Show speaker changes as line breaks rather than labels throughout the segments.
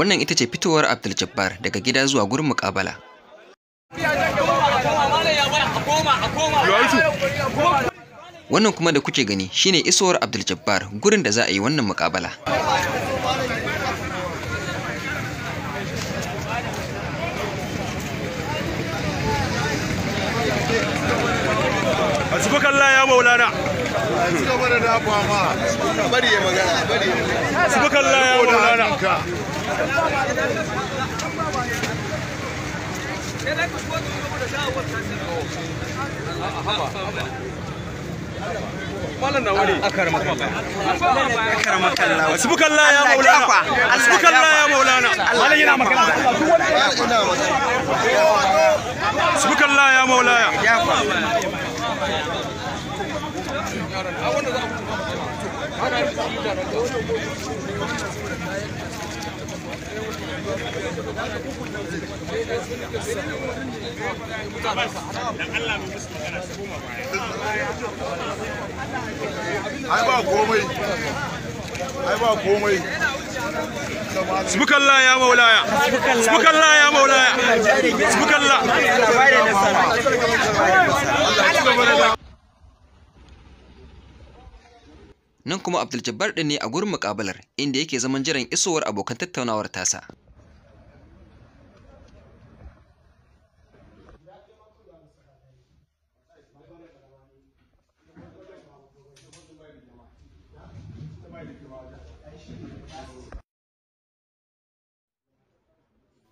Wannan ita ce fitowar Abdul Jabbar daga gida zuwa gurin mukabala. Wannan kuma da kuke gani shine isowar Abdul Jabbar gurin da za a yi wannan mukabala. Azubukan ya maulana. ci da dafa ma bari ya magana bari ya magana ya maulana
malam na wuri makalla wasu
ya maulana wasu
bukalla ya maulana malam yana ya maulana ya maulana yaron a wanda za ku tuba ba ana yi shi da na kawo ai ba komai ai ba komai subukalla ya maulaya subukalla ya maulaya subukalla
nan kuma abdul jabbar ɗin ne a gurin muƙabalar inda yake zaman jiran isowar abokan tattaunawar tasa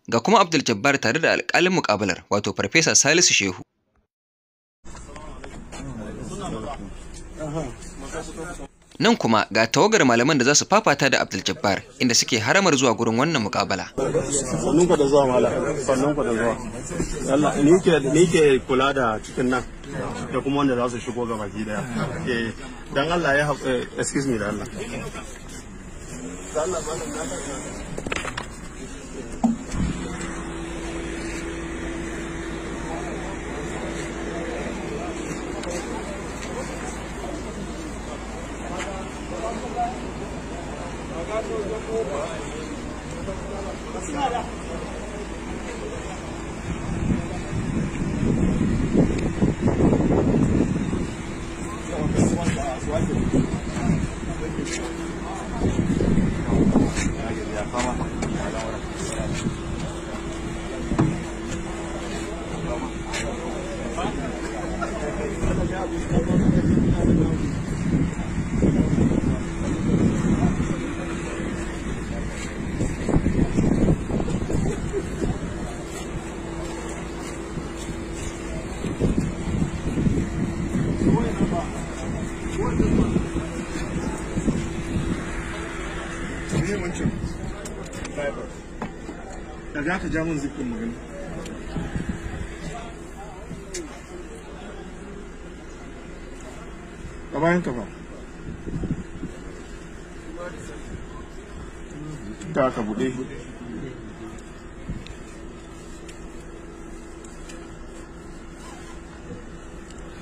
ga kuma Abdul Jabbar tare da alƙalin muƙabalar wato Farfesa Salisu Shehu. nan kuma ga tawagar malaman da za su fafata da Abdul Jabbar inda suke haramar zuwa gurin wannan mukabala Sannan ku da zuwa malam sannan ku da zuwa Allah ni ke ni ke kula da cikin nan da kuma wanda za su shigo ga baki daya eh dan Allah ya eh, excuse me da Allah Allah malam na 亲爱的。Me wancan? ka zikin magana. bayan ka ba. buɗe.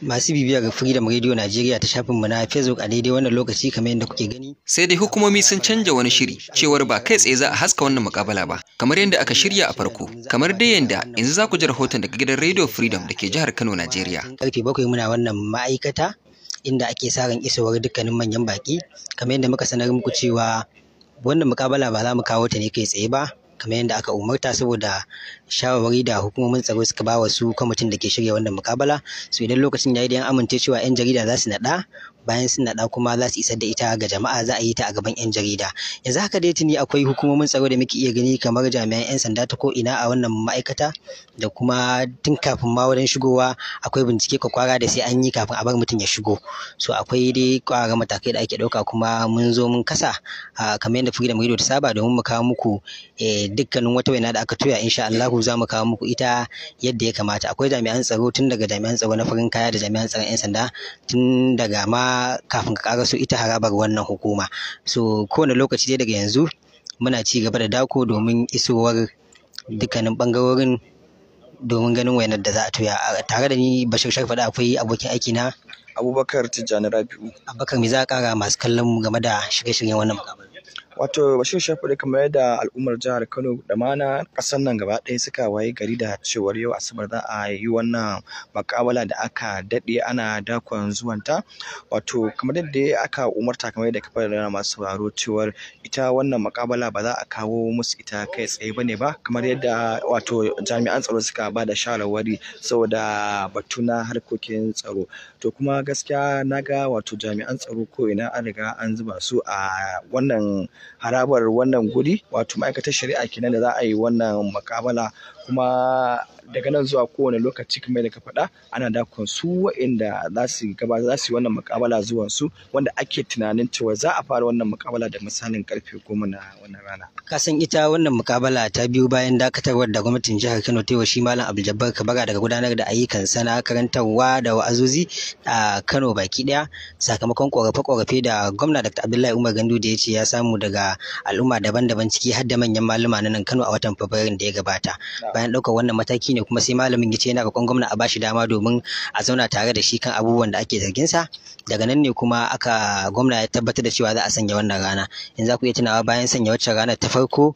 masu bibiya ga Freedom Radio Najeriya ta shafin mu na Facebook a daidai wannan lokaci kamar yadda kuke gani.
Sai dai hukumomi sun canja wani shiri cewar ba kai tsaye za a haska wannan mukabala ba kamar yadda aka shirya a farko kamar dai yadda yanzu za ku ji rahoton daga gidan Radio Freedom da ke jihar Kano Najeriya.
Karfe bakwai muna wannan ma'aikata inda ake sa isowar dukkanin manyan baki kamar yadda muka sanar muku cewa wannan mukabala ba za mu kawo ta ne kai tsaye ba kamar yadda aka umarta saboda shawarwari da hukumomin tsaro suka ba wa su kwamitin da ke shirya wannan mukabala su idan lokacin yayi da yan amince cewa yan jarida za su naɗa bayan sun naɗa kuma za su isar da ita ga jama'a za a yi ta a gaban 'yan jarida yanzu haka dai tuni akwai hukumomin tsaro da muke iya gani kamar jami'an 'yan sanda ta ko'ina a wannan ma'aikata da kuma tun kafin ma wajen shigowa akwai bincike kwakwara da sai an yi kafin a bar mutum ya shigo so akwai dai kwara matakai da ake ɗauka kuma mun zo mun kasa kamar yadda Freedom Radio ta saba domin mu kawo muku e, dukkanin wata waina da aka toya insha Allah za mu kawo muku ita yadda ya kamata akwai jami'an tsaro tun daga jami'an tsaro na farin kaya da jami'an tsaron 'yan sanda tun daga ma kafin ka kaga so ita harabar wannan hukuma so kowane lokaci dai daga yanzu muna ci gaba da dako domin isowar dukkanin ɓangarorin domin ganin wayanar da za a tuya tare da ni bashir da akwai abokin aiki na abubakar tijjani rabiu abubakar me za a kara masu kallon mu game da shirye-shiryen wannan mukabar Wato
Bashir Shafi'u kamar yadda al'ummar jihar Kano da mana ƙasar nan gaba ɗaya suka waye gari da cewar yau Asabar za a yi wannan makabala da aka daɗe ana dakon zuwanta. Wato kamar yadda aka umarta kamar yadda kafar da masu sauraro cewar ita wannan makabala ba za a kawo musu ita kai tsaye bane ba kamar yadda wato jami'an tsaro suka ba da shawarwari saboda batu na harkokin tsaro. To kuma gaskiya na ga wato jami'an tsaro ko ina an riga an zuba su a wannan harabar wannan guri wato ma'aikatar shari'a kenan da za a yi wannan muƙabala kuma daga nan zuwa kowane lokaci kamar da ka faɗa ana dakon su inda za su gabata za su wannan mukabala zuwan su wanda ake tunanin cewa za a fara wannan mukabala da misalin karfe goma
na wannan
rana. Ka san ita wannan mukabala ta biyu bayan dakatarwar da gwamnatin jihar Kano ta yi wa shi Malam Abdul Kabara daga gudanar da ayyukan sana karantarwa da wa'azuzi a Kano baki ɗaya sakamakon korafe-korafe da gwamna Dr. Abdullahi Umar Gandu da ya ce ya samu daga al'umma daban-daban ciki har da manyan malama na nan Kano a watan Fabrairun da ya gabata. bayan ɗaukar wannan mataki ne kuma sai malamin ya ce yana roƙon gwamna a bashi dama domin a zauna tare da shi kan abubuwan da ake zargin sa daga nan ne kuma aka gwamna ya tabbatar da cewa za a sanya wannan rana in za ku iya tunawa bayan sanya wacce ranar ta farko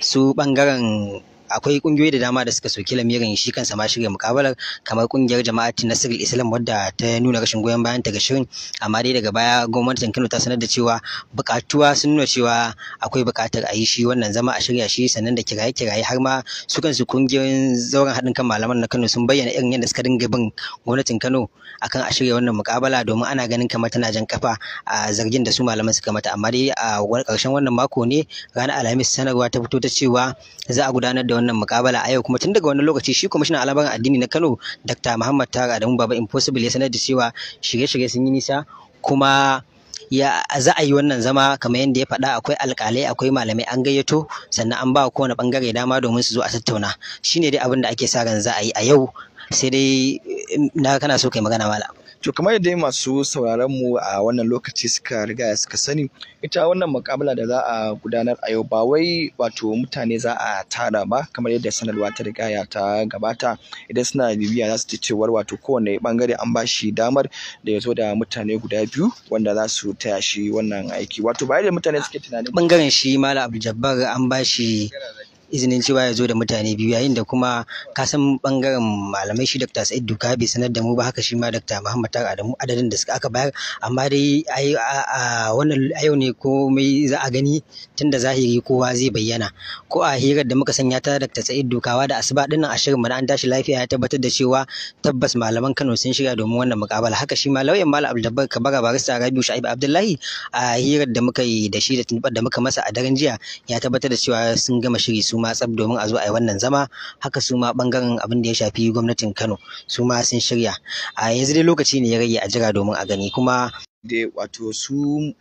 su ɓangaren akwai kungiyoyi da dama da suka soki lamirin shi kansa ma shirya mukabalar kamar kungiyar jama'ati sirri islam wadda ta nuna rashin goyon bayan ta ga shirin amma dai daga baya gwamnatin kano ta sanar da cewa bukatuwa sun nuna cewa akwai bukatar a yi shi wannan zama a shirya shi sannan da kiraye kiraye har ma su kansu kungiyoyin zauren haɗin kan malaman na kano sun bayyana irin yadda suka dinga bin gwamnatin kano akan a shirya wannan mukabala domin ana ganin kamar tana jan kafa a zargin da su malaman suka mata amma dai a ƙarshen wannan mako ne ranar alhamis sanarwa ta fito ta cewa za a gudanar da da wannan mukabala a yau kuma tun daga wannan lokaci shi kwamishinan alaban addini na Kano Dr. Muhammad Tara Adamu Baba Impossible ya sanar da cewa shirye-shirye sun yi nisa kuma ya za a yi wannan zama kamar yadda ya faɗa akwai alƙalai akwai malamai an gayyato sannan an ba wa kowane ɓangare dama domin su zo a tattauna shine dai abin da ake sa ran za a yi a yau sai dai eh, na kana so kai magana mala To kamar yadda masu
sauraron mu a wannan lokaci suka riga suka sani ita wannan mukabala da za a gudanar a yau ba wai wato mutane za a tara ba kamar yadda sanarwa ta riga ya ta gabata idan suna bibiya za su cewar wato kowane bangare an ba shi damar da ya zo da mutane guda biyu wanda za su taya shi wannan aiki wato ba da mutane suke
tunanin bangaren shi Malam abu Jabbar an ba shi izinin cewa ya zo da mutane biyu yayin da kuma ka san bangaren malamai shi Dr. Sa'id Duka bai sanar da mu ba haka shi ma Dr. Muhammad Tar Adamu adadin da suka aka bayar amma dai a wannan yau ne ko me za a gani tunda zahiri kowa zai bayyana ko a hirar da muka sanya ta Dr. Sa'id Dukawa da Asuba dinnan a shirin mu an tashi lafiya ya tabbatar da cewa tabbas malaman Kano sun shirya domin wannan mukabala haka shi ma lauyan Malam Abdulbar Kabara Barista Rabiu Shaibu Abdullahi a hirar da muka yi da shi da da muka masa a daren jiya ya tabbatar da cewa sun gama shiri su su ma tsab domin a zo a yi wannan zama haka su ma bangaren abin da ya shafi gwamnatin Kano su ma sun shirya a yanzu dai lokaci ne ya rage a jira domin a gani kuma
da wato su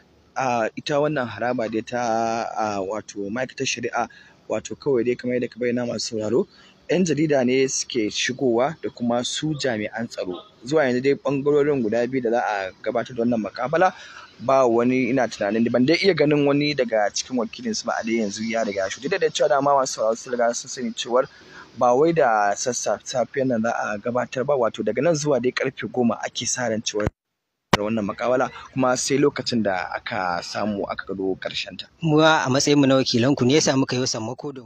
ita wannan haraba da ta wato ma'aikatar shari'a wato kawai dai kamar yadda ka bayyana masu sauraro 'yan jarida ne suke shigowa da kuma su jami'an tsaro zuwa yanzu dai bangarorin guda biyu da za a gabatar da wannan makabala ba wani ina tunanin ban dai iya ganin wani daga cikin wakilin su ba a dai yanzu ya riga shi da da cewa dama masu sauraro sun riga sun sani cewar ba wai da safiyar nan za a gabatar ba wato daga nan zuwa dai karfe goma ake sa ran cewar wannan makawala kuma sai lokacin da aka samu aka gado karshen ta.
Mu a matsayin mu na wakilan ku ne yasa muka yi sammako da